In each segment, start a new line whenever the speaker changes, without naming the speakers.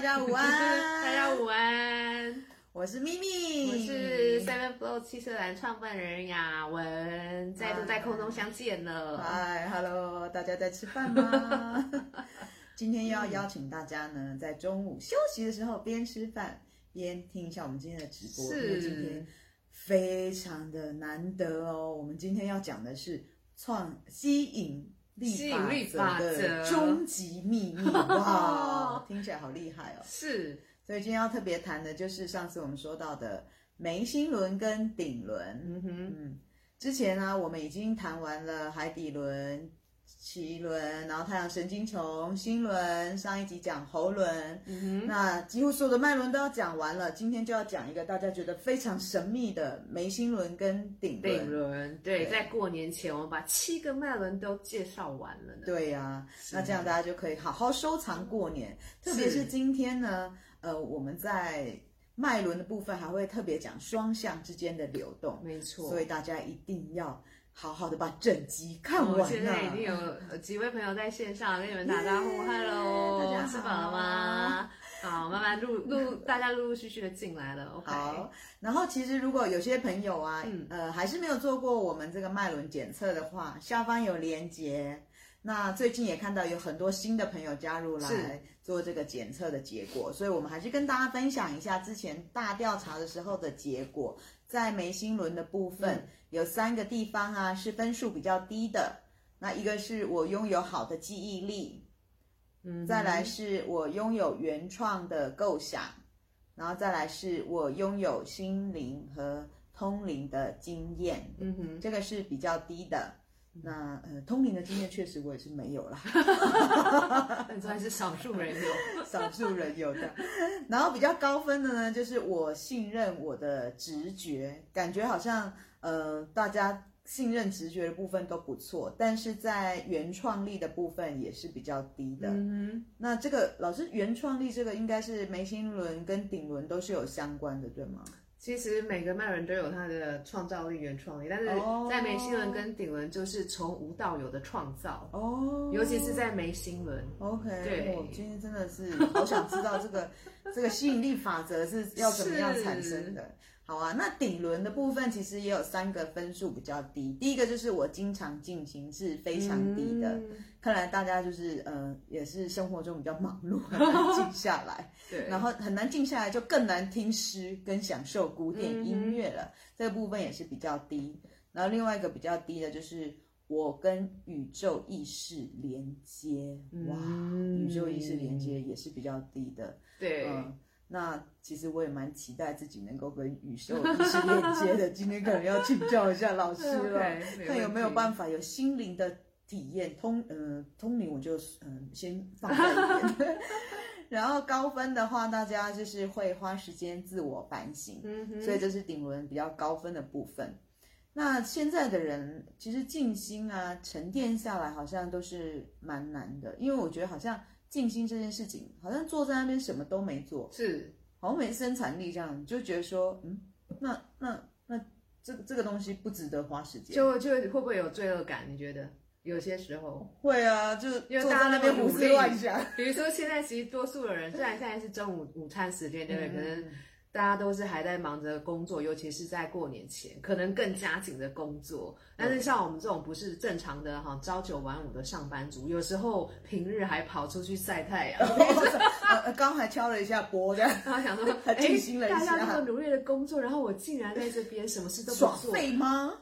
大家午安， 大家午安。我是咪咪，我是 7flow 七色藍創辦人雅雯，再度在空中相見了。Hi, Hello，大家在吃飯嗎？
今天又要邀請大家呢， 在中午休息的時候，邊吃飯邊聽一下我們今天的直播。是，今天非常的難得哦。我們今天要講的是創吸引。吸引力法則的終極秘密，哇， 聽起來好厲害哦！是，所以今天要特別談的就是上次我們說到的眉心輪跟頂輪。嗯哼，嗯，之前呢、啊，我們已經談完了海底輪。臍輪，然後太陽神經叢、心輪，上一集講喉輪。嗯，那幾乎所有的脈輪都要講完了。今天就要講一個大家覺得非常神秘的眉心輪跟頂輪。頂
輪對對。對，在過年前，我們把七個脈輪都介紹完了。對呀、啊，那這樣大家就可以好好收藏過年。特別是
今天呢，呃，我們在脈輪的部分還會特別講雙向之間的流動。沒錯，所以大家一定要。好好的把整集看完了。我現在已經有
幾位朋友在線上跟你們打招呼，哈嘍，大家吃飽了嗎？好，慢慢陸陸，大家陸陸續續的進來了，OK。好，然
後其實如果有些朋友啊，嗯，
呃，還是沒有做
過我們這個脈輪檢測的話，下方有鏈接。那最近也看到有很多新的朋友加入來做這個檢測的結果，所以我們還是跟大家分享一下之前大調查的時候的結果。在眉心輪的部分，嗯，有三個地方啊是分數比較低的。那一個是我擁有好的記憶力，嗯，再來是我擁有原創的構想，然後再來是我擁有心靈和通靈的經驗，嗯哼，這個是比較低的。那呃，通靈的經驗確實我也是沒有啦，算 是少數人有，少數人有的。 有的 然後比較高分的呢，就是我信任我的直覺，感覺好像呃，大家信任直覺的部分都不錯，但是在原創力的部分也是比較低的。嗯哼，那這個老師原創力這個應該是眉心輪跟頂輪都是有相關的，對嗎？
其實每個賣人都有他的創造力、原創力，但是在眉心輪跟頂輪就是從無到有的創造哦，oh. 尤其是在眉心輪。OK，對、哦，今天真的是好想知道這個 這個吸引力法則
是要怎麼樣產生的。好啊，那頂輪的部分其實也有三個分數比較低。第一個就是我經常靜心是非常低的，嗯、看來大家就是呃也是生活中比較忙碌，很難靜下來。 對，然後很難靜下來，就更難聽詩跟享受古典音樂了、嗯。這個部分也是比較低。然後另外一個比較低的就是我跟宇宙意識連接，哇，嗯、宇宙意識連接也是比較低的。對。嗯那其實我也蠻期待自己能夠跟宇宙意識鏈接的， 今天可能要請教一下老師了， okay, 看有沒有辦法有心靈的體驗通，嗯、呃，通靈我就嗯、呃、先放在一邊。 然後高分的話，大家就是會花時間自我反省， 所以這是頂輪比較高分的部分。那現在的人其實靜心啊、沉澱下來，好像都是蠻難的，因為我覺得好像。靜心這件事情，好像坐在那邊什麼都沒做，是，好像沒生產力這樣，就覺得說，嗯，那那那這這個東西不值得花
時間，就就會不會有罪惡感？你覺得有些時候會啊，就因為大家那邊胡思亂想。比如說現在，其實多數的人，雖然現在是中午午餐時間，嗯，對不對？可是。大家都是還在忙着工作，尤其是在過年前，可能更加緊的工作。但是像我們這種不是正常的哈，朝九晚五的上班族，有時候平日還跑出去曬太陽，剛 還敲了一下缽，這樣，然後想說，靜心了一下。欸、大家那麼努力的工作，然後我竟然在這邊什麼事都不做，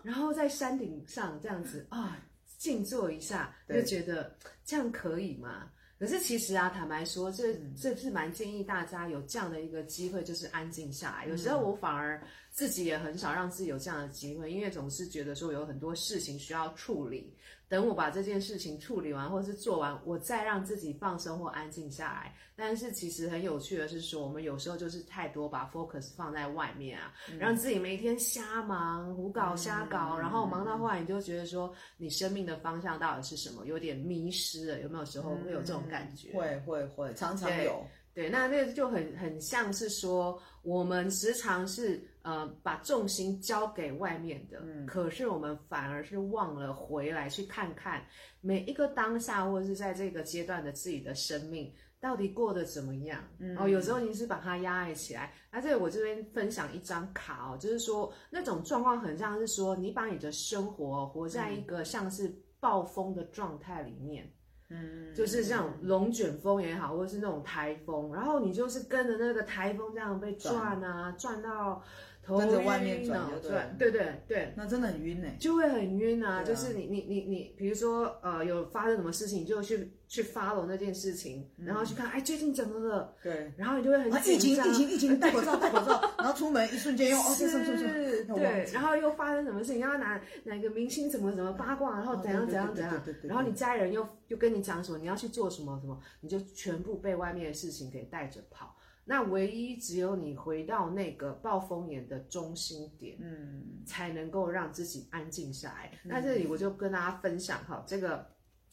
然後在山頂上這樣子啊，靜坐一下，就覺得這樣可以嗎？可是其實啊，坦白說，這這是蠻建議大家有這樣的一個機會，就是安靜下來。有時候我反而自己也很少讓自己有這樣的機會，因為總是覺得說有很多事情需要處理。等我把這件事情處理完，或是做完，我再讓自己放鬆或安靜下來。但是其實很有趣的是說，我們有時候就是太多把 focus 放在外面啊，嗯、讓自己每天瞎忙、胡搞、瞎搞、嗯，然後忙到後來你就覺得說，你生命的方向到底是什麼？有點迷失了，有沒有時候會有這種感覺？嗯嗯、會會
會，常常有。
對，對那那個就很很像是說，我們時常是。呃，把重心交給外面的，嗯，可是我們反而是忘了回來去看看每一個當下，或者是在這個階段的自己的生命到底過得怎麼樣。嗯、哦，有時候你是把它壓抑起來。而且我這邊分享一張卡哦，就是說那種狀況很像是說你把你的生活活在一個像是暴風的狀態裡面，
嗯、就是
像龍捲風也好，嗯、或是那種台風，嗯，然後你就是跟着那個台風這樣被轉啊，嗯、轉到跟着外面轉，對，對對對，那真的很暈哎、欸，就會很暈啊。啊就是你你你你，比如說呃有發生什麼事情，你就去去發 w 那件事情，嗯、然後去看哎最近講了對。然後你就會很疫情疫情疫情，口罩口罩。 然後出門一瞬間又哦對對對對，對，然後又發生什麼事情？然後哪哪個明星怎麼怎麼八卦？然後怎樣怎樣怎樣？然後你家人又又跟你講什麼？你要去做什麼什麼？你就全部被外面的事情給帶着跑。那唯一只有你回到那個暴風眼的中心點，嗯，才能夠讓自己安靜下來、嗯。那這裡我就跟大家分享哈、嗯，這個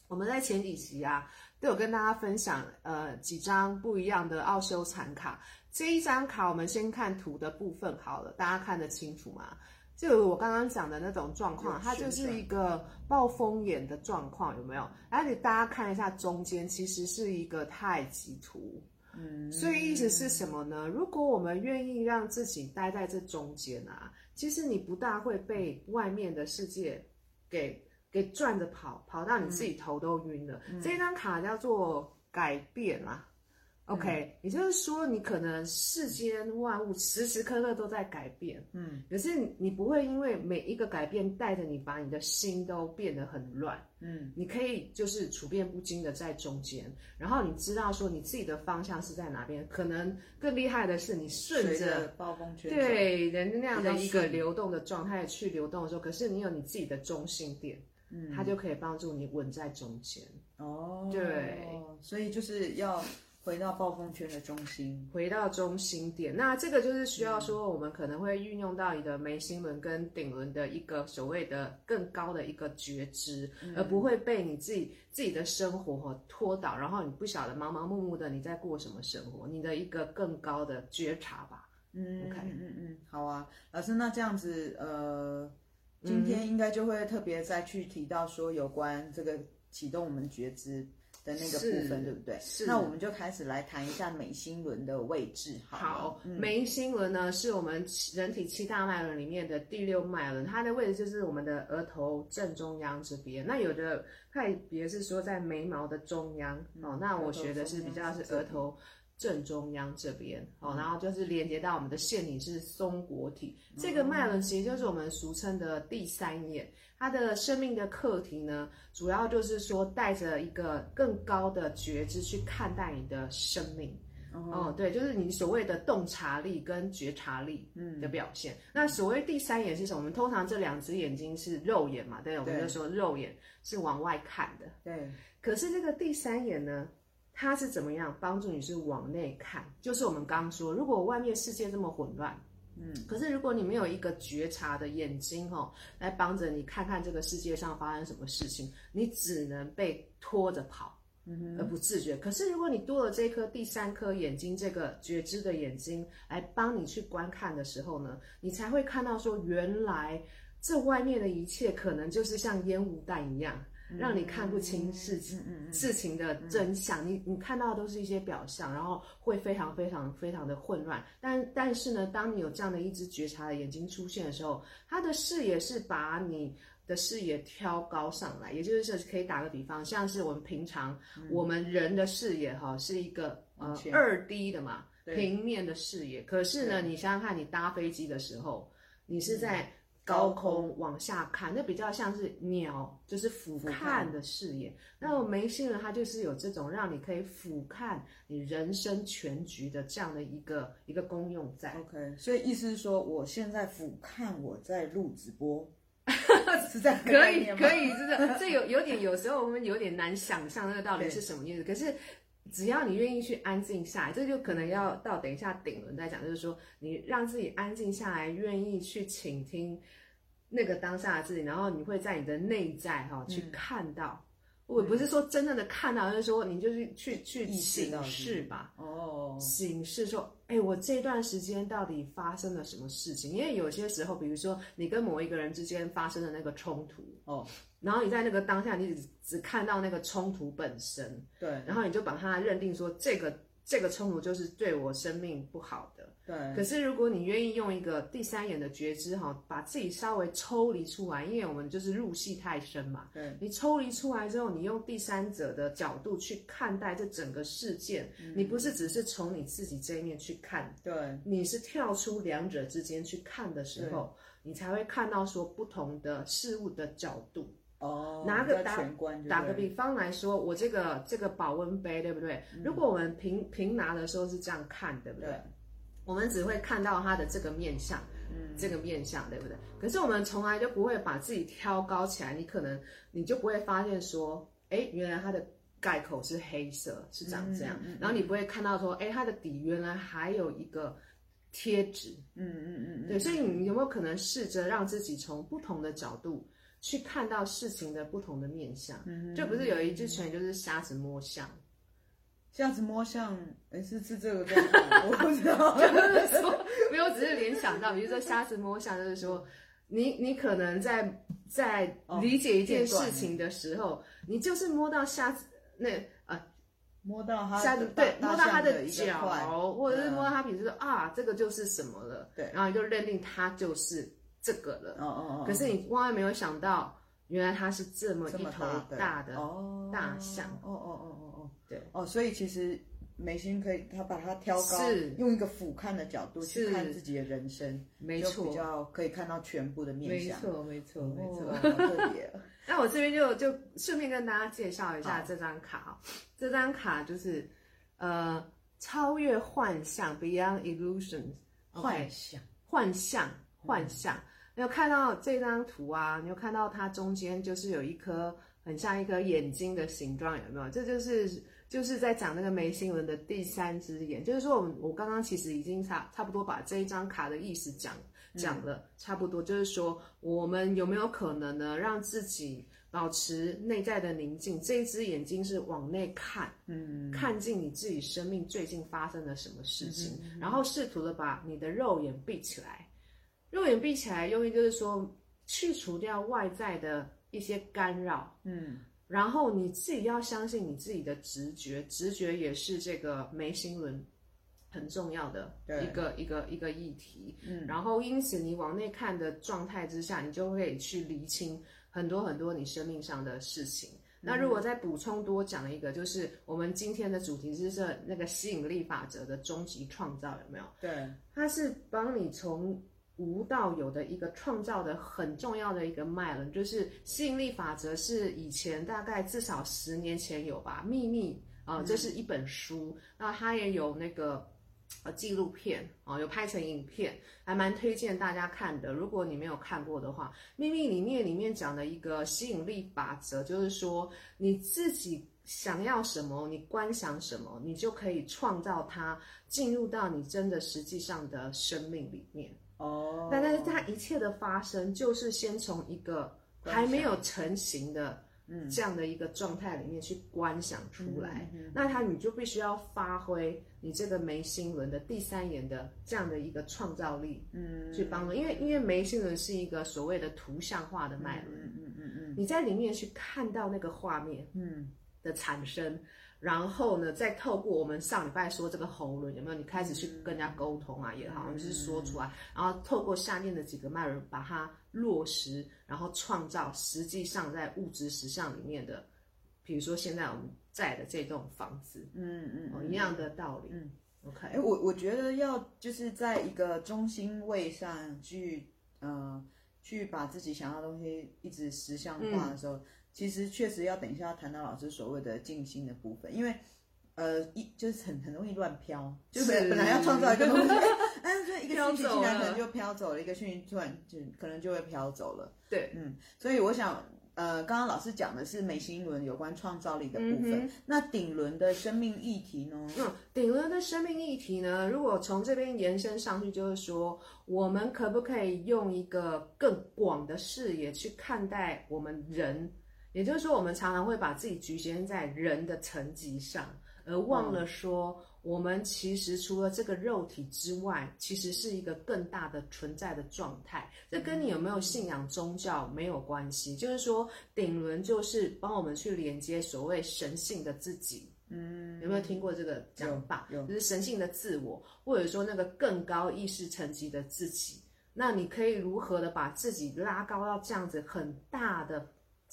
我們在前幾集啊都有跟大家分享，呃，幾張不一樣的奧修禪卡。這一張卡我們先看圖的部分好了，大家看得清楚嗎？就我剛剛講的那種狀況，它就是一個暴風眼的狀況，有沒有？而、啊、且大家看一下中間其實是一個太極圖。嗯、所以意思是什麼呢？如果我們願意讓自己待在這中間啊，其實你不大會被外面的世界給給轉着跑，跑到你自己頭都暈了。嗯嗯、這張卡叫做改變啊。OK，嗯，也就是說，你可能世間萬物時時刻刻都在改變，嗯，可是你不會因為每一個改變帶着你把你的心都變得很亂，嗯，你可以就是處變不驚的在中間，然後你知道說你自己的方向是在哪邊。可能更厲害的是，你順着，順著暴風圈對人家那樣的一個流動的狀態去流動的時候，可是你有你自己的中心點，嗯，它就可以幫助你穩在中間。哦，對，所以就是要。回到暴風圈的中心，回到中心點，那這個就是需要說，我們可能會運用到你的眉心輪跟頂輪的一個所謂的更高的一個覺知，嗯、而不會被你自己自己的生活拖倒，然後你不曉得忙忙碌碌的你在過什麼生活，你的一個更高的覺察吧。嗯嗯
嗯，okay? 好啊，老師，那這樣子，呃，
今天應
該就會特別再去提到說有關這個啟動我們覺知的那個部分
對不對？是，那我們就開始來談一下眉心輪的位置好，好，嗯。眉心輪呢，是我們人體七大脈輪裡面的第六脈輪，它的位置就是我們的額頭正中央這邊，嗯。那有的派別是說在眉毛的中央，嗯，哦，那我學的是比較是額頭。額頭正中央這邊哦、嗯，然後就是連接到我們的腺體是松果體，嗯、這個脈輪其實就是我們俗稱的第三眼。它的生命的課題呢，主要就是說，帶着一個更高的覺知去看待你的生命。
嗯、哦，
對，就是你所謂的洞察力跟覺察力的表現、嗯。那所謂第三眼是什麼？我們通常這兩隻眼睛是肉眼嘛？對，對，我們就說肉眼是往外看的。對，可是這個第三眼呢？它是怎麼樣幫助你是往內看？就是我們剛剛說，如果外面世界這麼混亂，嗯，可是如果你沒有一個覺察的眼睛哦，來幫着你看看這個世界上發生什麼事情，你只能被拖着跑，嗯哼，而不自覺。可是如果你多了這顆第三顆眼睛，這個覺知的眼睛來幫你去觀看的時候呢，你才會看到說，原來這外面的一切可能就是像煙霧彈一樣。讓你看不清事情，嗯嗯嗯嗯，事情的真相，你你看到的都是一些表象，然後會非常非常非常的混亂。但但是呢，當你有這樣的一隻覺察的眼睛出現的時候，它的視野是把你的視野挑高上來，也就是說，可以打個比方，像是我們平常，嗯，我們人的視野哈，是一個呃二 D 的嘛，平面的視野。可是呢，你想想看，你搭飛機的時候，你是在。嗯高空往下看，那比較像是鳥，就是俯瞰的視野。那眉心呢，它就是有這種讓你可以俯瞰你人生全局的這樣的一個一個功用在。OK，所以意思是說，我現在俯瞰我在錄直播，哈 哈， 可以可以，是這樣。 這有有點，有時候我們有點難想象那個到底是什麼意思，可是。只要你願意去安靜下來，這就可能要到等一下頂輪再講。就是說，你讓自己安靜下來，願意去傾聽那個當下的自己，然後你會在你的內在哈、喔、去看到。嗯、我不是說真正的看到，就是說你就是去去請示吧。哦。請示說。Oh.，哎、欸，我這段時間到底發生了什麼事情？因為有些時候，比如說你跟某一個人之間發生的那個衝突哦。Oh. 然後你在那個當下，你只只看到那個衝突本身，對。然後你就把它認定說，這個這個衝突就是對我生命不好的，對。可是如果你願意用一個第三眼的覺知，哈，把自己稍微抽離出來，因為我們就是入戲太深嘛，對。你抽離出來之後，你用第三者的角度去看待這整個事件，嗯。你不是只是從你自己這一面去看，對。你是跳出兩者之間去看的時候，你才會看到說不同的事物的角度。哦、oh，拿個全關打打個比方來說，我這個這個保溫杯對不對、嗯？如果我們平平拿的時候是這樣看，對不對？對，我們只會看到它的這個面相、嗯，這個面相對不對？可是我們從來就不會把自己挑高起來，你可能你就不會發現說，誒，原來它的蓋口是黑色，是長這樣。嗯嗯嗯、然後你不會看到說，誒，它的底原來還有一個貼紙，嗯嗯嗯，對。所以你有沒有可能試着讓自己從不同的角度？去看到事情的不同的面相、嗯，就不是有一句成語就是瞎子摸象，瞎、嗯、子摸象，哎、欸，是是這個東西 我不知道，就是、說沒有，只是聯想到，比 如說瞎子摸象的時候，你你可能在在理解一件事情的時候，哦、你就是摸到瞎子那個、呃，
摸到瞎子對，摸到他的腳，
或者是摸到他，比如說、嗯、啊，這個就是什麼了，對，然後你就認定他就是。這個了，哦，哦哦哦！可是你萬萬沒有想到，原來他是這麼一頭大的大象，大哦，哦哦
哦哦哦，對哦。所以其實眉心可以，他把它挑高，是，用一個俯瞰的角度去看自己的人生，沒錯，比較可以看到全部的面相，沒錯沒錯、哦、沒錯。
哦哦、 那我這邊就就順便跟大家介紹一下這張卡，這張卡就是呃超越幻象，Beyond Illusions，幻象幻象幻象。幻象幻象嗯幻象你有看到這張圖啊？你有看到它中間就是有一顆很像一顆眼睛的形狀，有沒有？這就是就是在講那個眉心輪的第三隻眼。就是說我，我我剛剛其實已經差差不多把這一張卡的意思講講了，差不多就是說，我們有沒有可能呢，讓自己保持內在的寧靜？這一只眼睛是往內看，嗯，看見你自己生命最近發生了什麼事情，嗯嗯嗯、然後試圖的把你的肉眼閉起來。肉眼閉起來，用意就是說去除掉外在的一些干擾，嗯，然後你自己要相信你自己的直覺，直覺也是這個眉心輪很重要的一個一個一個議題，嗯，然後因此你往內看的狀態之下，你就可以去理清很多很多你生命上的事情。嗯。那如果再補充多講一個，就是我們今天的主題是那個吸引力法則的終極創造有沒有？對，它是幫你從。無到有的一個創造的很重要的一個脈輪，就是吸引力法則。是以前大概至少十年前有吧，《秘密》啊、呃，這是一本書，那、嗯、它也有那個、呃、紀錄片啊、呃，有拍成影片，還蠻推薦大家看的。如果你沒有看過的話，《秘密》裡面裡面講的一個吸引力法則，就是說你自己想要什麼，你觀想什麼，你就可以創造它進入到你真的實際上的生命裡面。哦，但是它一切的發生，就是先從一個還沒有成型的這樣的一個狀態裡面去觀想出來，oh. 嗯嗯那它你就必須要發揮你這個眉心輪的第三眼的這樣的一個創造力，嗯，去幫助，因為因為眉心輪是一個所謂的圖像化的脈輪，嗯嗯嗯,嗯,嗯,嗯,嗯,嗯你在裡面去看到那個畫面，嗯，的產生。然後呢，再透過我們上禮拜說這個喉輪有沒有？你開始去跟人家溝通啊、嗯、也好，就是說出來、嗯，然後透過下面的幾個脈輪把它落實，然後創造實際上在物質實相裡面的，比如說現在我們在的這棟房子，嗯嗯、哦，一樣的道理。嗯，OK、欸。我
我覺得要就是在一個中心位上去，呃，去把自己想要的東西一直實相化的時候。嗯其實確實要等一下，談到老師所謂的靜心的部分，因為，呃，一就是很很容易亂飄，就是本來要創造一個東西，但 是、欸欸嗯、一個訊息可能就飄走了，飄走了一個訊息，就可能就會飄走，走了。對，嗯，所以我想，呃，剛剛老師講的是眉心輪有關創造力的部分，嗯、那頂輪的
生命議題呢？嗯，頂輪的生命議題呢？如果從這邊延伸上去，就是說，我們可不可以用一個更廣的視野去看待我們人？嗯也就是說，我們常常會把自己侷限在人的層級上，而忘了說，我們其實除了這個肉體之外，其實是一個更大的存在的狀態。這跟你有沒有信仰宗教沒有關係，嗯，就是說，頂輪就是幫我們去連接所謂神性的自己。嗯，有沒有聽過這個講法？有，有，就是神性的自我，或者說那個更高意識層級的自己。那你可以如何的把自己拉高到這樣子很大的？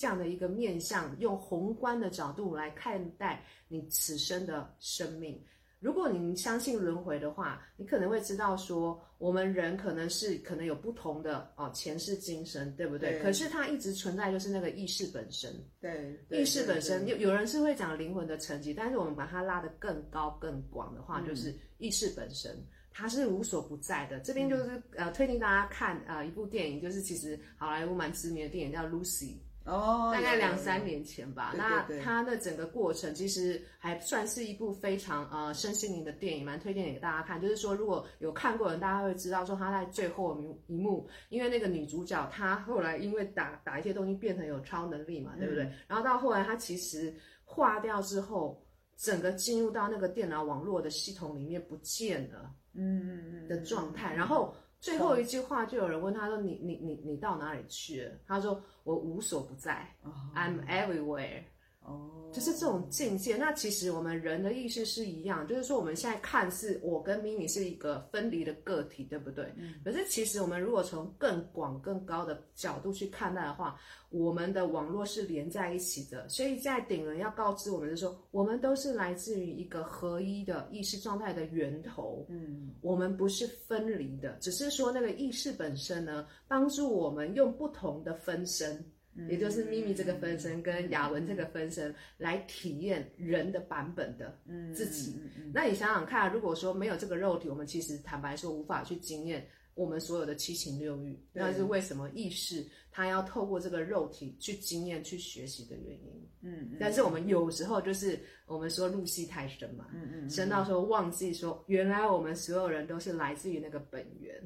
這樣的一個面向，用宏觀的角度來看待你此生的生命。如果你相信輪迴的話，你可能會知道說，我們人可能是，可能有不同的哦前世今生，對不對？對。可是它一直存在，就是那個意識本身。對。對對對對對，意識本身，有，有人是會講靈魂的層級，但是我們把它拉得更高更廣的話，嗯，就是意識本身，它是無所不在的。這邊就是、嗯、呃，推薦大家看啊、呃、一部電影，就是其實好萊塢蠻知名的電影叫《Lucy》。哦、oh，大概兩三年前吧。對，那，對對對。他那整個過程其實還算是一部非常呃身心靈的電影，蠻推薦給大家看。就是說，如果有看過的人，大家會知道說，他在最後一幕，因為那個女主角她後來因為打打一些東西變成有超能力嘛，嗯、對不對？然後到後來她其實化掉之後，整個進入到那個電腦網絡的系統裡面不見了，嗯嗯嗯的狀態，嗯嗯嗯、然後。最後一句話，就有人問他說：“你你你你到哪裡去了？”他說：“我無所不在，oh, yeah. I'm everywhere。”哦，就是這種境界。那其實我們人的意識是一樣，就是說我們現在看似我跟 Mimi 是一個分離的個體，對不對？嗯。可是其實我們如果從更廣更高的角度去看待的話，我們的網絡是連在一起的。所以在頂輪要告知我們就是說我們都是來自於一個合一的意識狀態的源頭。嗯。我們不是分離的，只是說那個意識本身呢，幫助我們用不同的分身。也就是咪咪這個分身跟雅雯這個分身來體驗人的版本的自己，嗯。那你想想看，如果說沒有這個肉體，我們其實坦白說無法去經驗我們所有的七情六慾，那是為什麼意識它要透過這個肉體去經驗、去學習的原因嗯。嗯，但是我們有時候就是我們說入戲太深嘛，嗯嗯，深到說忘記說原來我們所有人都是來自於那個本源。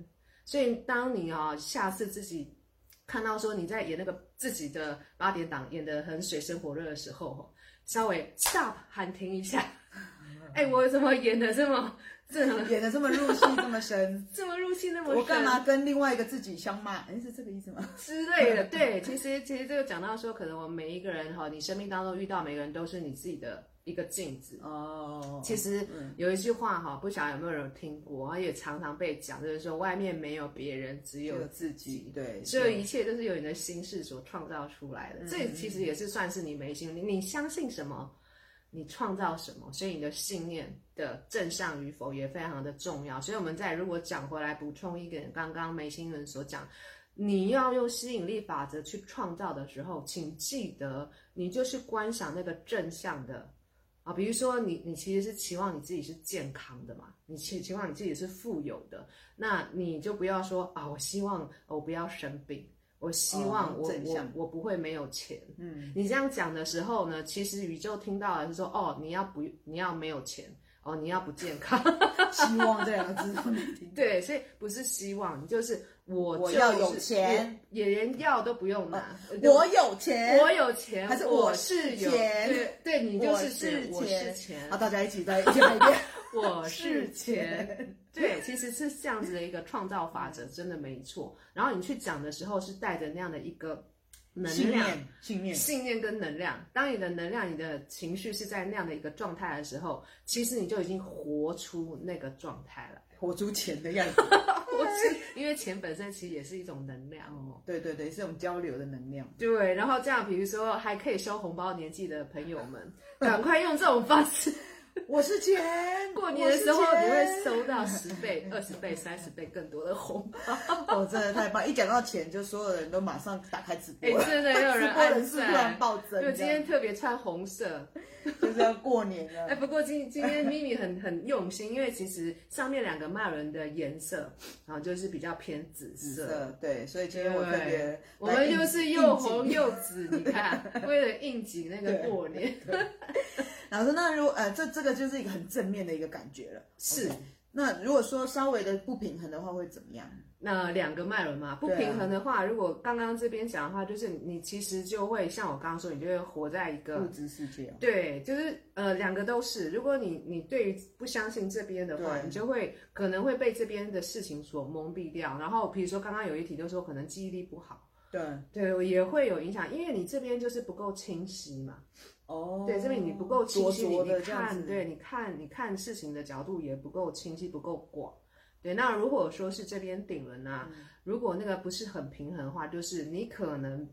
所以當你啊下次自己。看到說你在演那個自己的八點檔演得很水深火熱的時候，稍微 stop 喊停一下，哎，我怎麼演的這麼這演的這麼入戲這麼深，
這麼入戲那麼深。我幹嘛跟另外一個自己相罵？哎，是這個意思嗎？之類的，對，其
實其實這個講到說，可能我們每一個人哈，你生命當中遇到每個人都是你自己的。一個鏡子哦，oh, 其實有一句話哈、嗯，不曉得有沒有人聽過，也常常被講，就是說外面沒有別人只有，只有自
己，對，所有一切
都是由你的心事所創造出來的。嗯、這個、其實也是算是你眉心、嗯、你，你相信什麼，你創造什麼，所以你的信念的正向與否也非常的重要。所以我們再如果講回來補充一點，剛剛眉心輪所講，你要用吸引力法則去創造的時候，請記得你就是觀想那個正向的。啊，比如說你，你其實是期望你自己是健康的嘛，你期期望你自己是富有的，那你就不要說，啊，我希望我不要生病，我希望我、哦、我我不會沒有錢。嗯，你這樣講的時候呢，其實宇宙聽到了是說，哦，你要不你要沒有錢哦，你要不健康， 希望這樣子， 對，所以不是希望，就是。我、就是、要有錢，也，也連藥都不用拿，哦。我有錢，我有錢，還是我是，有我是，有是錢對？對，你就是我是，我是錢。好，大家一起再加一,一遍， 我是錢。 對，其實是這樣子的一個創造法則，真的沒錯。然後你去講的時候，是帶着那樣的一個能量信，信念，信念跟能量。當你的能量、你的情緒是在那樣的一個狀態的時候，其實你就已經活出那個狀態了。活出錢的樣子， Okay 因為錢本身其實也是一種能量哦， 對對對，是一種交流的能量。對，然後這樣，比如說還可以收紅包年紀的朋友們，趕快用這種方式。 我是錢，過年的時候你會收到十倍、 二十倍、 三十倍更多的紅
包哦， 我真的太棒！一講到錢，就所有人都馬上打開直播。哎、欸，真的有人,人是突然暴增。因為今天
特別穿紅色，就是要過年了。哎，不過今天今天咪咪很很用心，因為其實上面兩個罵人的顏色，然、啊、後就是比較偏紫色紫色，對，所以今天我特別我們又是又紅又紫，你看，為了應景那個過年。老師，那如果呃，這
這個就是一個很正面的一個感覺了。Okay. 是,那如果說稍微的不平衡的話，會怎
麼樣？那兩個脈輪嘛，不平衡的話，如果剛剛這邊講的話，就是你其實就會像我剛剛說，你就會活在一個物質世界哦。對，就是呃，兩個都是。如果你你對於不相信這邊的話，你就會可能會被這邊的事情所蒙蔽掉。然後比如說剛剛有一題就說可能記憶力不好，對對，也會有影響，因為你這邊就是不夠清晰嘛。哦、oh，對這邊你不夠清晰，你看，對你看，你看事情的角度也不夠清晰，不夠廣。對，那如果說是這邊頂輪啊、嗯，如果那個不是很平衡的話，就是你可能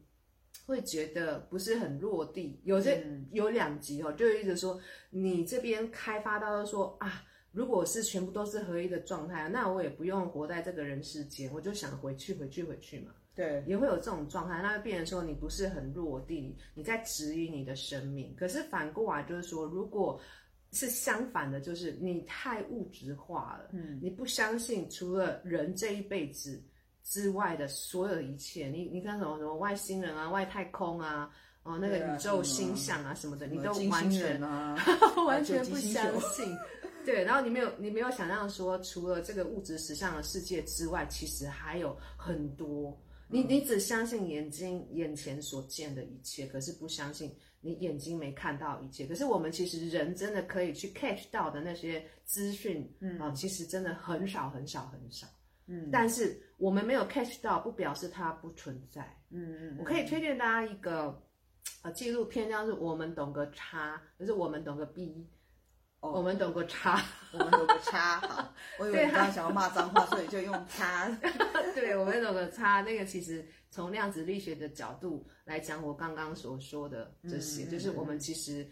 會覺得不是很落地。有些、嗯、有兩極哦，就意味着說你這邊開發到說啊。如果是全部都是合一的狀態，那我也不用活在這個人世間，我就想回去，回去，回去嘛。對，也會有這種狀態。那會變成說，你不是很落地，你在質疑你的生命。可是反過來就是說，如果是相反的，就是你太物質化了。嗯，你不相信除了人這一輩子之外的所有一切。你你看什麼什麼外星人啊、外太空啊、啊哦那個宇宙星象啊什麼的、啊，你都完全、啊、 完全不相信。 對，然後你沒有，你沒有想象說，除了這個物質實相的世界之外，其實還有很多。你你只相信眼睛眼前所見的一切，可是不相信你眼睛沒看到一切。可是我們其實人真的可以去 catch 到的那些資訊，嗯，啊、哦，其實真的很少很少很少，嗯。但是我們沒有 catch 到，不表示它不存在，嗯嗯。我可以推薦大家一個，呃，紀錄片叫做《我們懂個 X》，就是我們懂個 B。Oh, 我們懂個叉， 我們懂個叉。好，我以為他想要罵髒話， 所以就用叉。 對，我們懂個叉。那個其實從量子力學的角度來講，我剛剛所說的這些、嗯，就是我們其實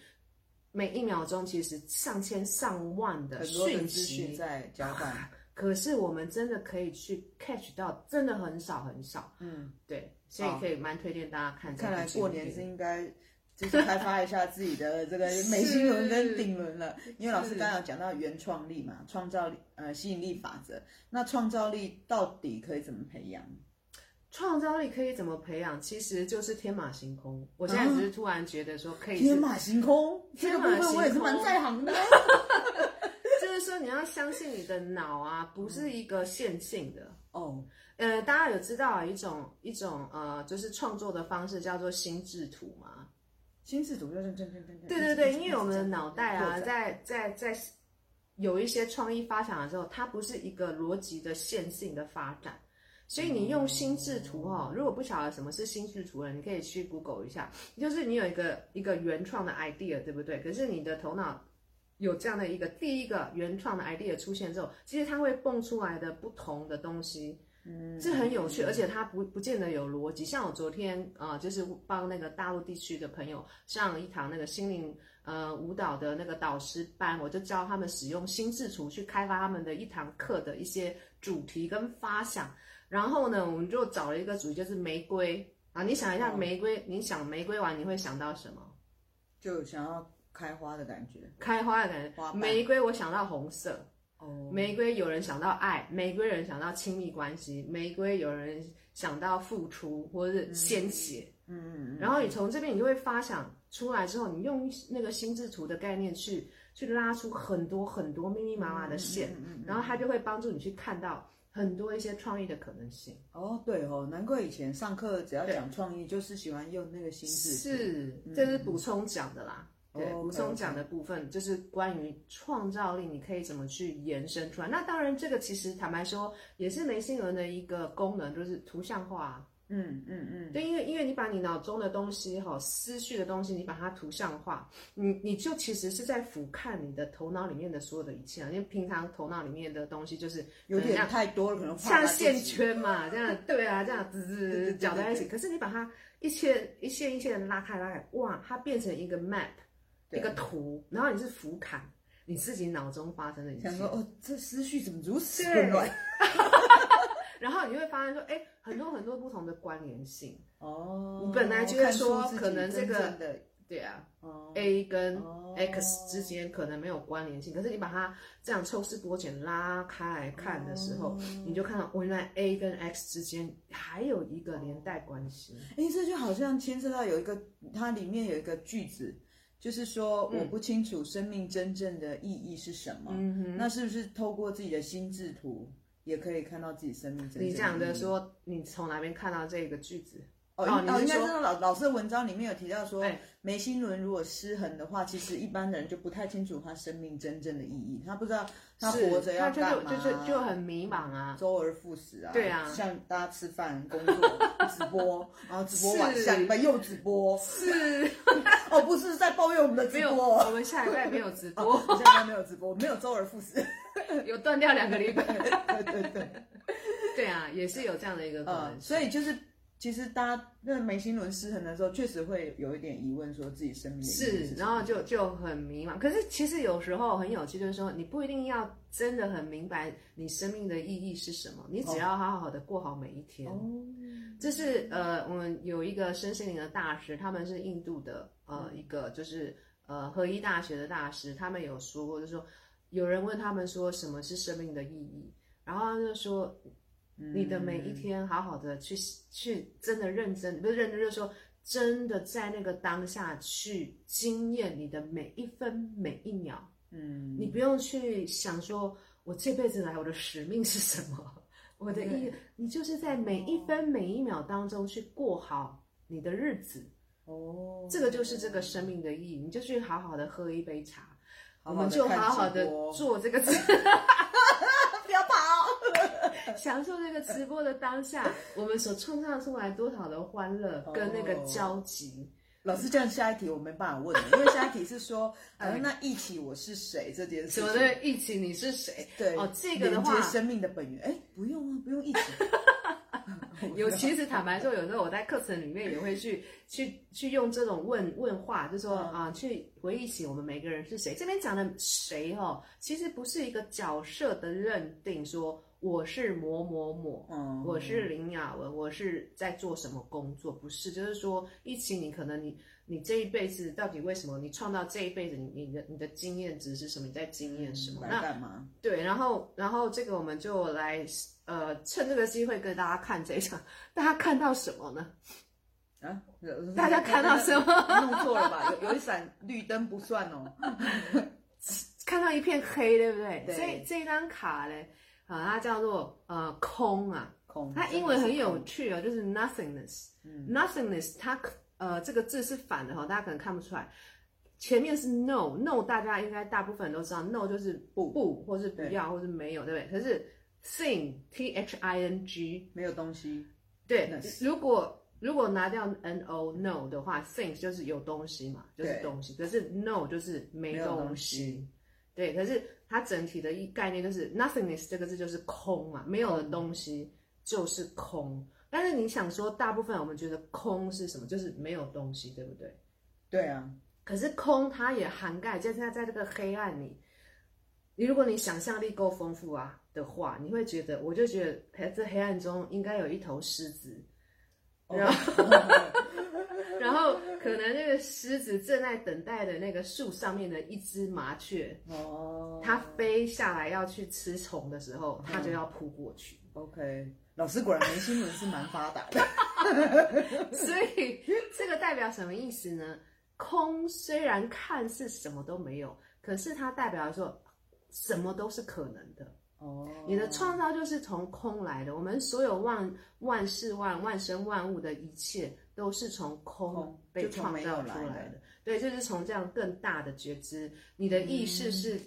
每一秒鐘其實上千上萬的訊息很多的在交換， 可是我們真的可以去 catch 到，真的很少很少。嗯，對，所以可以蠻推薦大家看。看來過年是應該。就是開發一下自己的這個眉心輪跟頂
輪了，因為老師剛剛有講到原創力嘛，創造力，呃，吸引力法則。那創造力到底可以怎麼培
養？創造力可以怎麼培養？其實就是天馬行空。我現在只是突然覺得說可以、啊天。天馬行空，這個部分我也是蠻在行的。行 就是說，你要相信你的腦啊，不是一個線性的。哦、嗯，oh. 呃，大家有知道啊，一種一種呃，就是創作的方式叫做心智圖嗎？
心智圖就是正正正正，對對對，啊、對，因為我們
的腦袋啊，在在在，在有一些創意發想的時候，它不是一個邏輯的線性的發展，所以你用心智圖哈，leveling knows  如果不曉得 the same 什麼是心智圖了，你可以去 Google 一下，就是你有一個一個原創的 idea，對不對？mediaginous 可是你的頭腦有這樣的一個第一個原創的 idea 出現之後，其實它會蹦出來的不同的東西。這很有趣，而且它不不見得有邏輯。像我昨天啊、呃，就是幫那個大陸地區的朋友上了一堂那個心靈呃舞蹈的那個導師班，我就教他們使用心智圖去開發他們的一堂課的一些主題跟發想。然後呢，我們就找了一個主題，就是玫瑰啊。你想一下玫瑰，你想玫瑰花你會想到什麼？就想要開花的感覺，開花的感覺。花玫瑰，我想到紅色。Oh, 玫瑰，有人想到愛，玫瑰有人想到親密關係，玫瑰有人想到付出或是鮮血。嗯、嗯、嗯，然後你從這邊，你就會發想出來之後，你用那個心智圖的概念去去拉出很多很多密密麻麻的線，嗯、嗯、嗯、嗯，然後它就會幫助你去看到很多一些創意的可能性。哦，對哦，難怪以前上課只要講創意，就是喜歡用那個心智圖。是，這是補充講的啦。嗯嗯我們、okay, 中講的部分就是關於創造力，你可以怎麼去延伸出來？那當然，這個其實坦白說也是眉心輪的一個功能，就是圖像化。嗯
嗯嗯。
對，因為因為你把你腦中的東西、哦，哈，思緒的東西，你把它圖像化，你你就其實是在俯瞰你的頭腦裡面的所有的一切、啊。因為平常頭腦裡面的東西就是有點、嗯、太多了，可能畫像線圈嘛， 這樣對啊，這樣子子攪在一起。可是你把它一線一線一線的拉開拉開，哇，它變成一個 map。一個圖，然後你是俯瞰你自己腦中發生的一切。想說，哦，這思緒怎麼如此混亂？ 然後你會發現說，哎，很多很多不同的關聯性。哦，我本來就是說，可能這個的對啊、哦、，A 跟 X 之間可能沒有關聯性，哦、可是你把它這樣抽絲剝繭拉開來看的時候、哦，你就看到原來 A 跟 X 之間還有一個連帶關係。哎、
哦，這就好像牽涉到有一個，它裡面有一個句子。就是說，我不清楚生命真正的意義是什麼。嗯、那是不是透過自己的心智圖，也可以看到自己生命真正的意義？真你講的說，你從哪邊看到這個句子？哦，你哦，你哦，應該是老老師的文章裡面有提到說，眉、哎、心輪如果失衡的話，其實一般人就不太清楚他生命真正的意義，他不知道他活着要幹嘛，他就是就是、就很迷茫啊，周而復始啊。對啊，像大家吃飯、工作、 直播，然後直播完下禮拜又直播，
是 哦，不是在抱怨我們的直播，我們下禮拜沒有直播， 哦、我下禮拜沒有直播， 沒有周而復始， 有斷掉兩個禮拜。 對對對， 對啊，也是有這樣的一個，
嗯、哦、所以就是。其實，大家、那個眉心輪失衡的時候，確實會有
一點疑問，說自己生命是、是，然後就就很迷茫。可是，其實有時候很有趣，就是說，你不一定要真的很明白你生命的意義是什麼，你只要好好的過好每一天。Oh. Oh. 這是呃，我們有一個身心靈的大師，他們是印度的呃一個就是呃合一大學的大師，他們有說，就是說有人問他們說什麼是生命的意義，然後他就說。你的每一天，好好的去、嗯、去，真的認真，不是認真，就是說，真的在那個當下去經驗你的每一分每一秒。嗯，你不用去想說我這輩子來我的使命是什麼，嗯、我的意，你就是在每一分、哦、每一秒當中去過好你的日子。哦，這個就是這個生命的意義，嗯、你就去好好的喝一杯茶，好好我們就好好的做這個好好 享受這個直播的當下，我們所創造出來多少的歡樂跟那個交集。哦、老師，這樣下一題我沒辦法問， 因為下一題是說， 啊、那憶起我是誰這件事情？什麼對？憶起你是誰？對哦，這個的話，生命的本源。
哎，不用啊，不用憶起。
有， 其實坦白說，有時候我在課程裡面也會去 去去用這種問問話，就說、嗯、啊，去回憶起我們每個人是誰。這邊講的誰哦，其實不是一個角色的認定，說。我是某某某，我是林雅雯、嗯，我是在做什麼工作？不是，就是說，一起你可能你你這一輩子到底為什麼？你創造這一輩子你，你你的你的經驗值是什麼？你在經驗什麼？嗯、那幹嘛？對，然後然後這個我們就來呃，趁這個機會跟大家看這一場，大家看到什麼呢？啊、大家看到什麼？弄錯了吧？有 有一盞綠燈不算哦， 看到一片黑，對不對？對所以這這張卡嘞。啊、呃，它叫做呃空啊，空。它英文很有趣啊、哦，就是 nothingness。嗯、nothingness，它呃這個字是反的哈、哦，大家可能看不出來。前面是 no，no no 大家應該大部分都知道，no 就是不不，或是不要，或是沒有，對不對？可是 thing，t h i n g，沒有東西。對，如果如果拿掉 no，no no 的話，things 就是有東西嘛，就是東西。可是 no 就是沒東西。東西對，可是。它整體的一概念就是 nothingness，這個字就是空嘛，沒有的東西就是空。但是你想說，大部分我們覺得空是什麼？就是沒有東西，對不對？對啊。可是空它也涵蓋，就現在在這個黑暗裡，你如果你想象力夠豐富啊的話，你會覺得，我就覺得在這黑暗中應該有一頭獅子。 然後，可能那個獅子正在等待的那個樹上面的一只麻雀，哦，它飛下來要去吃蟲的時候，嗯、它就要撲過去。OK，老師果然沒新聞是蠻發達的。啊、 所以這個代表什麼意思呢？空雖然看似什麼都沒有，可是它代表說什麼都是可能的。哦，你的創造就是從空來的。我們所有萬萬事萬萬生萬物的一切。都是從空被創造出來的，來的，對，就是從這樣更大的覺知、嗯，你的意識是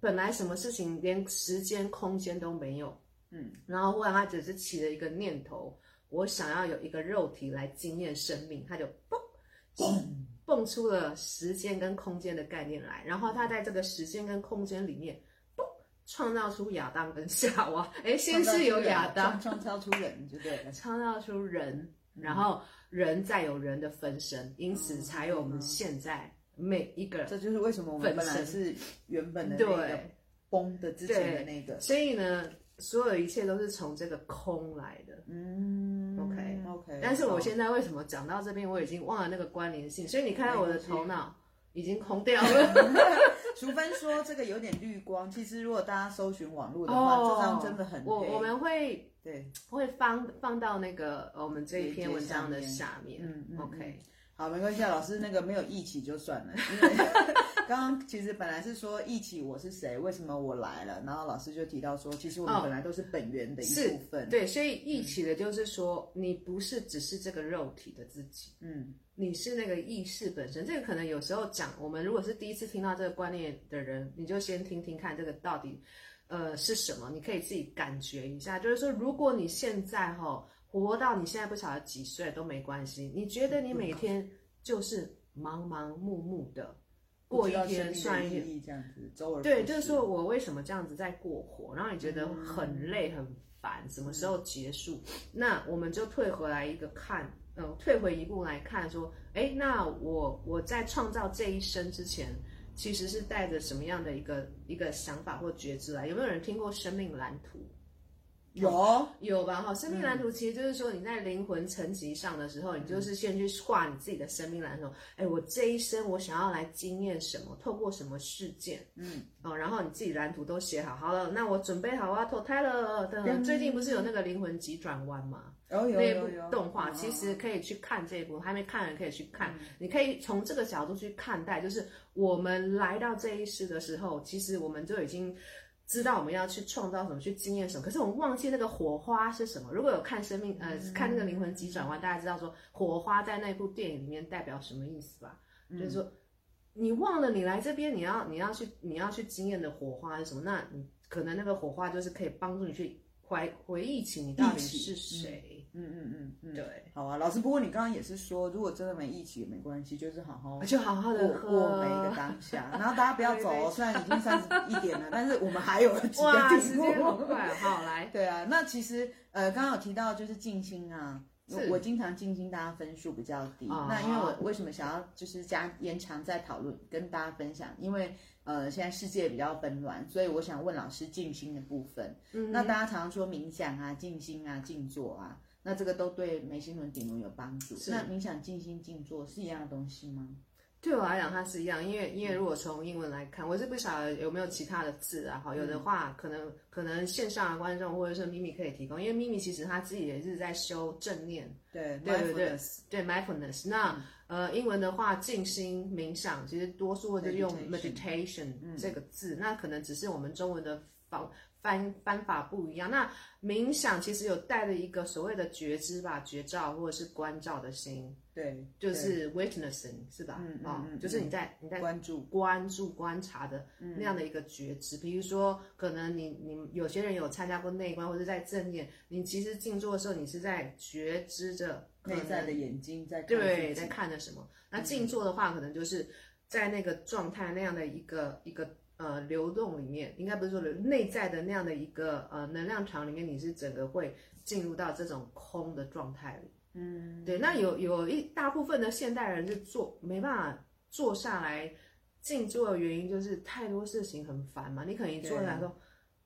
本來什麼事情連時間空間都沒有，嗯，然後忽然他只是起了一個念頭，我想要有一個肉體來經驗生命，他就嘣嘣、嗯、蹦出了時間跟空間的概念來，然後他在這個時間跟空間裡面嘣創造出亞當跟夏娃，哎、欸，先是有亞當創造，造出人就對了，創造出人。然後人再有人的分身、嗯，因此才有我們現在每一個人、嗯。這就是為什麼我們本來是原本的那一個對
空的之前的那個。所
以呢，所有一切都是從這個空來的。嗯，OK OK。但是我現在為什麼講到這邊，我已經忘了那個關聯性，所以你看到我的頭腦。已經空掉了， 除非說這個
有點綠光。其實如果大家搜尋網絡的話，哦、這張真的很。我我們
會對會放放到那個我們這一篇文章的下面。面嗯，嗯，OK，好，
沒關係，啊，老師那個沒有義氣就算了。因為剛剛其實本來是說義氣，我是誰？為什麼我來了？然後老師就提到說，其實我們本來都是本源的一部分。哦、對，
所以義氣的就是說，嗯，你不是只是這個肉體的自己。嗯。你是那個意識本身，這個可能有時候講，我們如果是第一次聽到這個觀念的人，你就先聽聽看這個到底，呃是什麼？你可以自己感覺一下，就是說，如果你現在哈、哦、活到你現在不曉得幾歲都沒關係，你覺得你每天就是忙忙碌碌的、嗯、過一天算一天，對，就是說我為什麼這樣子在過活，然後你覺得很累、嗯、很煩，什麼時候結束、嗯？那我們就退回來一個看。嗯，退回一步來看說，哎，那我我在創造這一生之前，其實是帶着什麼樣的一個一個想法或覺知啊？有沒有人聽過生命藍圖？有、哦、有吧哈、哦，生命藍圖其實就是說你在靈魂層級上的時候，嗯、你就是先去畫你自己的生命藍圖。哎、嗯，我這一生我想要來經驗什麼，透過什麼事件，嗯，哦，然後你自己藍圖都寫好，好了，那我準備好啊，投胎了、嗯。最近不是有那個靈魂急轉彎嗎？哦、有有那部動畫其實可以去看這一部，還沒看的可以去看、嗯。你可以從這個角度去看待，就是我們來到這一世的時候，其實我們就已經。知道我們要去創造什麼，去經驗什麼，可是我們忘記那個火花是什麼。如果有看《生命》，呃，看那個靈魂急轉彎，大家知道說火花在那部電影裡面代表什麼意思吧？嗯、就是說，你忘了你來這邊，你要你要去你要去經驗的火花是什麼？那你可能那個火花就是可以幫助你去懷回憶起你到底是誰。嗯嗯嗯嗯，對，好啊，老師。不過你剛剛也是說，如果真的沒憶起也
沒關係，就是好好過就好好的過，過每一個當下。然後大家不要走哦， 對對對，雖然已經三十一點了， 但是我們還有幾個時間很快，哦、好快好來， 對啊。那其實呃，剛剛有提到就是靜心啊，我我經常靜心，大家分數比較低，哦。那因為我為什麼想要就是加延長再討論跟大家分享？因為呃，現在世界比較紛亂，所以我想問老師靜心的部分。嗯、那大家常，常說冥想啊、靜心啊、
靜坐啊。那這個都對眉心輪頂輪有幫助是。那冥想、靜心、靜坐是一樣的東西嗎？對我來講，它是一樣，因為因為如果從英文來看、嗯，我是不曉得有沒有其他的字啊。好，有的話，嗯、可能可能線上的觀眾或者是咪咪可以提供，因為咪咪其實他自己也是在修正念。
對對對
對，mindfulness、對 mindfulness。那、嗯、呃，英文的話，靜心冥想其實多數都是用 meditation、meditation、嗯、這個字，那可能只是我們中文的。方方法不一樣，那冥想其實有帶着一個所謂的覺知吧，覺照或者是觀照的心，對，就是 witnessing 是吧？啊、嗯嗯嗯哦，就是你在你在關注關注觀察的那樣的一個覺知。嗯、比如說，可能你你有些人有參加過內觀、嗯、或者在正念，你其實靜坐的時候，你是在覺知着內在的眼睛在對，對在看着什麼、嗯。那靜坐的話，可能就是在那個狀態那樣的一個一個。呃，流動裡面應該不是說流，內在的那樣的一個呃能量場裡面，你是整個會進入到這種空的狀態裡。嗯，對。那有有一大部分的現代人是坐沒辦法坐下來靜坐的原因，就是太多事情很煩嘛，你可能一坐不下來說。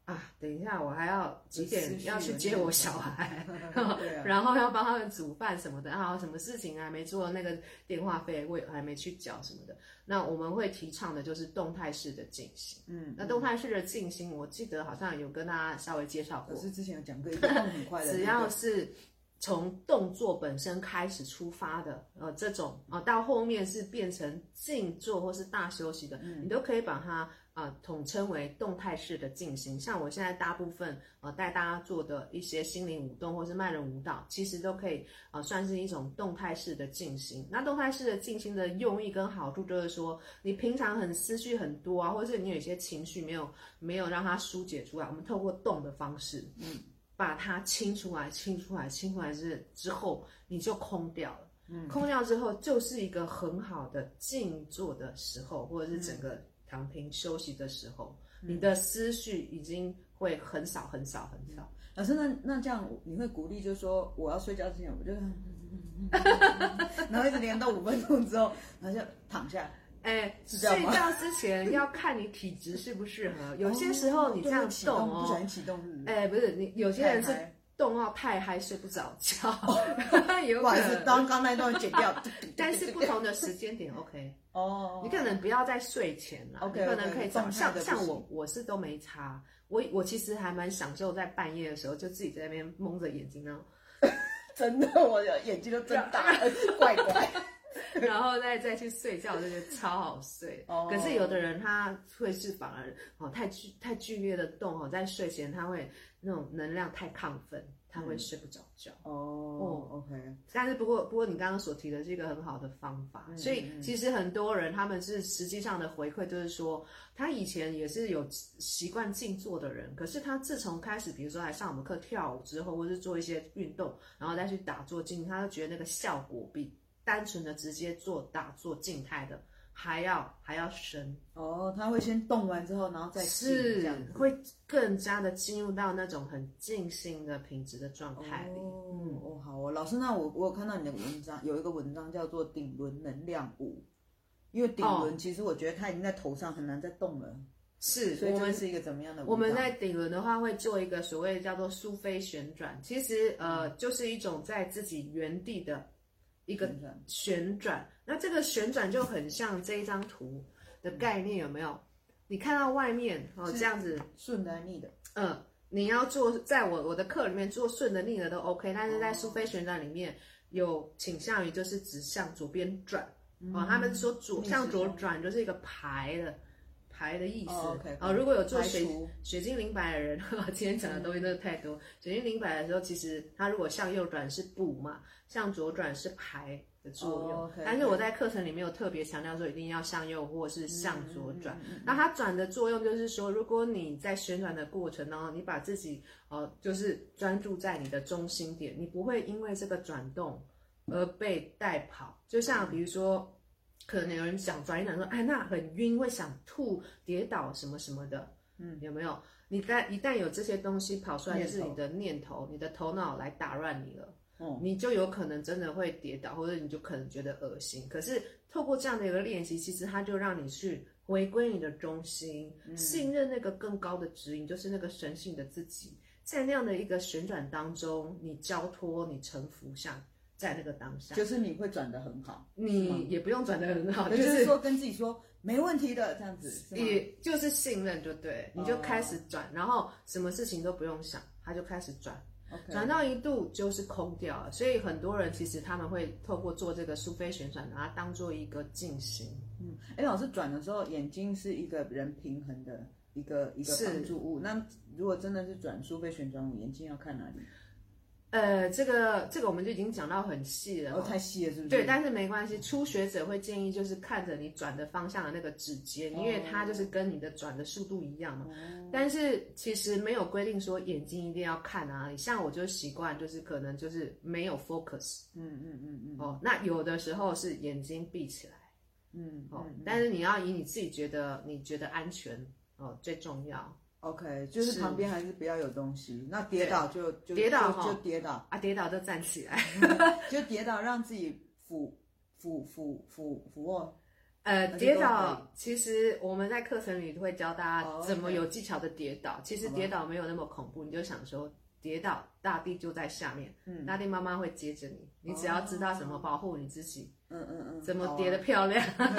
啊，等一下，我還要幾點要去接我小孩，啊、然後要幫他們煮飯什麼的， 啊、然後什麼、啊、什麼事情還、啊、沒做，那個電話費我還沒去繳什麼的。那我們會提倡的就是動態式的靜心。嗯，那動態式的靜心，嗯、我記得好像有跟大家稍微介紹過，可是之前有講過，一個很快的、那個、 只要是。從動作本身開始出發的，呃，這種啊、呃，到後面是變成靜坐或是大休息的，嗯、你都可以把它啊、呃、統稱為動態式的靜心。像我現在大部分呃帶大家做的一些心靈舞動或是慢人舞蹈，其實都可以啊、呃、算是一種動態式的靜心。那動態式的靜心的用意跟好處，就是說你平常很思緒很多啊，或者是你有一些情緒沒有沒有讓它疏解出來，我們透過動的方式，嗯。把它清出來，清出來，清出來之之後，你就空掉了。嗯、空掉之後，就是一個很好的靜坐的時候，或者是整個躺平休息的時候、嗯，你的思緒已經會很少很少很少。嗯、老師那，那那這樣，你
會鼓勵就說，我要睡覺之前，我就， 然後一直連到五分鐘
之後，然後就躺下。哎、欸，睡覺之前要看你體質適不適合、哦。有些時候你這樣動哦，哦不，不喜歡啟動哎、欸，不是你，有些人是動哦、啊、太嗨，太嗨睡不着覺，哦、 有可能。我是剛剛那段剪掉。 但是不同的時間點，OK。哦。你可能不要在睡前了，OK。哦、你可能可以擦、哦，像 okay, okay, 像我我是都沒擦。我我其實還蠻享受在半夜的時候就自己在那邊蒙着眼睛那種， 真的我的眼睛都睜大了，怪怪。 然後再再去睡覺，就覺得超好睡。哦、oh.，可是有的人他會是反而哦，太劇太劇烈的動哦，在睡前他會那種能量太亢奮，他會睡不着覺。哦、oh.
oh.，OK。
但是不過不過你剛剛所提的是一個很好的方法，oh. 所以其實很多人他們是實際上的回饋就是說，他以前也是有習慣靜坐的人，可是他自從開始比如說來上我們課跳舞之後，或是做一些運動，然後再去打坐靜，他就覺得那個效果比，單純的直接做打做靜態的，還要還要深哦，他會先動完之後，然後再是這樣，會更加的進入到那種很靜心的品質的狀態裡哦、嗯。哦，好哦，老師，那我我有看到你的文章， 有一個文章叫做頂輪能
量舞，因為頂輪其實我覺得它已經在頭上，很難再動了。是，所以這是
一個怎麼樣的？我們在頂輪的話會做一個所謂叫做蘇菲旋轉，其實呃、嗯、就是一種在自己原地的。一個旋轉，那這個旋轉就很像這一張圖的概念，有沒有？ 你看到外面哦，這樣子順的逆的，嗯，你要做在我我的課裡面做順的逆的都 OK，但是在蘇菲旋轉裡面有傾向於就是指向左邊轉，嗯，哦，他們說左向左轉就是一個排的。排的意思。哦、oh, okay。Okay, 如果有做水晶水晶靈擺的人，今天講的東西真的太多。水晶靈擺的時候，其實它如果向右轉是補嘛，向左轉是排的作用。Oh, okay, okay, okay. 但是我在課程裡面有特別強調說，一定要向右或是向左轉、嗯。那它轉的作用就是說，如果你在旋轉的過程當中，你把自己、呃、就是專注在你的中心點，你不會因為這個轉動而被帶跑。就像比如說。嗯可能有人想轉一轉，說：“哎，那很暈，會想吐、跌倒什麼什麼的。”嗯，有沒有？你一旦一旦有這些東西跑出來，就是你的念頭，你的頭腦來打亂你了、嗯。你就有可能真的會跌倒，或者你就可能覺得噁心。可是透過這樣的一個練習，其實它就讓你去回歸你的中心，嗯、信任那個更高的指引，就是那個神性的自己。在那樣的一個旋轉當中，你交托，你臣服下。在那個當下，就是你會轉得很好，你也不用轉得很好，嗯就是、就是說跟自己說沒問題的這樣子，你就是信任就對，oh. 你就開始轉，然後什麼事情都不用想，它就開始轉，okay. 轉到一度就是空掉了。所以很多人其實他們會透過做這個蘇菲旋轉，把它當做一個靜心。嗯，哎，老師轉的時候，眼睛是一個人平衡的一
個一個幫助物。那如果真的是轉蘇菲旋轉，你眼睛要看哪裡？
呃，這個這個我們就已經講到很細了，哦，太細了是不是？對，但是沒關係，初學者會建議就是看着你轉的方向的那個指節、嗯，因為它就是跟你的轉的速度一樣嘛、嗯。但是其實沒有規定說眼睛一定要看啊，像我就習慣就是可能就是沒有 focus，嗯嗯嗯嗯。哦，那有的時候是眼睛閉起來，嗯，
嗯哦，但是
你要以你自己覺得、嗯、你覺得安全哦最重要。
OK，就是旁邊還是不要有東西，那跌倒就，就跌倒就，就跌倒
啊，跌倒就站起來。 嗯，就跌倒讓自己
俯俯俯俯
俯臥，呃，跌倒其實我們在課程裡會教大家怎麼有技巧的跌倒，oh, okay. 其實跌倒沒有那麼恐怖，你就想說。跌倒，大地就在下面，大地媽媽會接着你、嗯。你只要知道什麼、oh, 保護你自己，嗯嗯嗯，怎麼跌得漂亮？啊、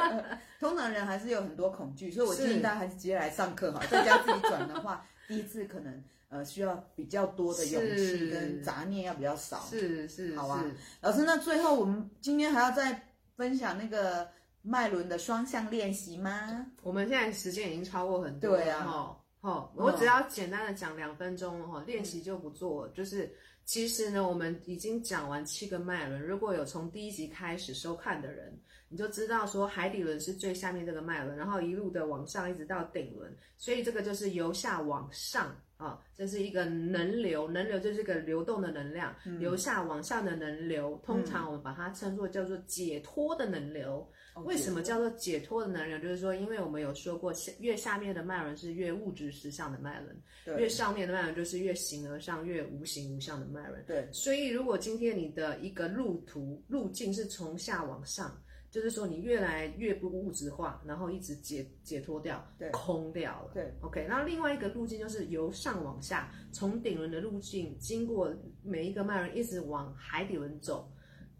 通常人還是有很多恐懼，所以我建議大家還是直接來上
課哈，在家自己轉的話，第一次可能呃需要比較多的勇氣跟雜念要比較少，是是、是，好啊，老師，那最後我們今天還要再分享那個脈輪的雙向練習嗎？我們現在時間已經超過很
多了，對啊。然後哦、oh,，我只要簡單的講兩分鐘哦，練習就不做了、嗯。就是其實呢，我們已經講完七個脈輪。如果有從第一集開始收看的人，你就知道說海底輪是最下面這個脈輪，然後一路的往上，一直到頂輪。所以這個就是由下往上啊、哦，這是一個能流，能流就是個流動的能量，嗯、由下往上的能流，通常我們把它稱作叫做解脫的能流。嗯嗯 Okay, 為什麼叫做解脫的脈輪，嗯、就是說，因為我們有說過，下，越下面的脈輪是越物質實相的脈輪，越上面的脈輪就是越形而上、越無形無相的脈輪。對。所以，如果今天你的一個路途路徑是從下往上，就是說你越來越不物質化，然後一直解解脫掉，對，空掉了。對。OK，那另外一個路徑就是由上往下，從頂輪的路徑經過每一個脈輪，一直往海底輪走。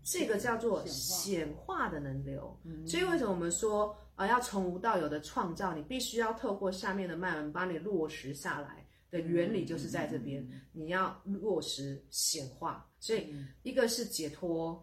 這個叫做顯化的能流，所以為什麼我們說啊，要從無到有的創造，你必須要透過下面的脈輪把你落實下來的原理就是在這邊，你要落實顯化。所以一個是解脫，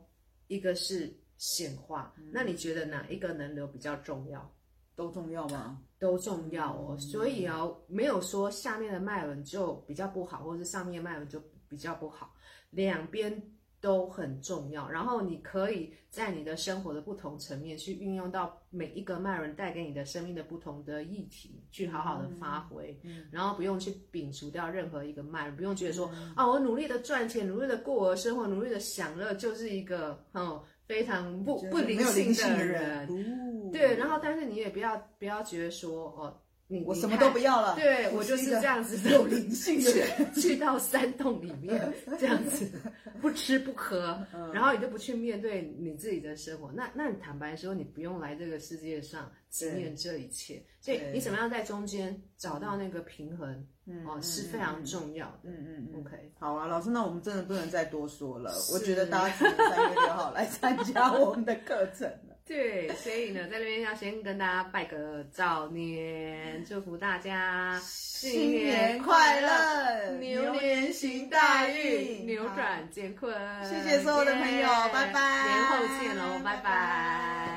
一個是顯化。那你覺得哪一個能流比較重要？都重要嗎？都重要哦。所以啊、哦，沒有說下面的脈輪就比較不好，或者是上面脈輪就比較不好，兩邊都很重要，然後你可以在你的生活的不同層面去運用到每一個脈輪帶給你的生命的不同的議題、嗯、去好好的發揮，嗯、然後不用去摒除掉任何一個脈、嗯、不用覺得說啊，我努力的賺錢，嗯、努力的過我的生活，努力的享樂，就是一個很、嗯，非常不不靈性的人，星星人、哦，對，然後但是你也不要不要覺得說哦。我什麼都不要了，對我，我就是這樣子有靈性的人，去到山洞裡面 這樣子不吃不喝、嗯，然後你就不去面對你自己的生活。嗯、那那你坦白說，你不用來這個世界上體驗這一切，所以你怎麼樣在中間找到那個平衡，嗯、哦、嗯、是非常重要的。嗯嗯嗯，OK，好啊，老師，那我們
真的不能再多說了。我覺得大家再一
個就好 來參加我們的課程。 對，所以呢，在這邊要先跟大家拜個早年，祝福大家新年快樂，牛年行大運，扭轉乾坤。謝謝所有的朋友，yeah, 拜拜，年後見嘍，拜拜。拜拜。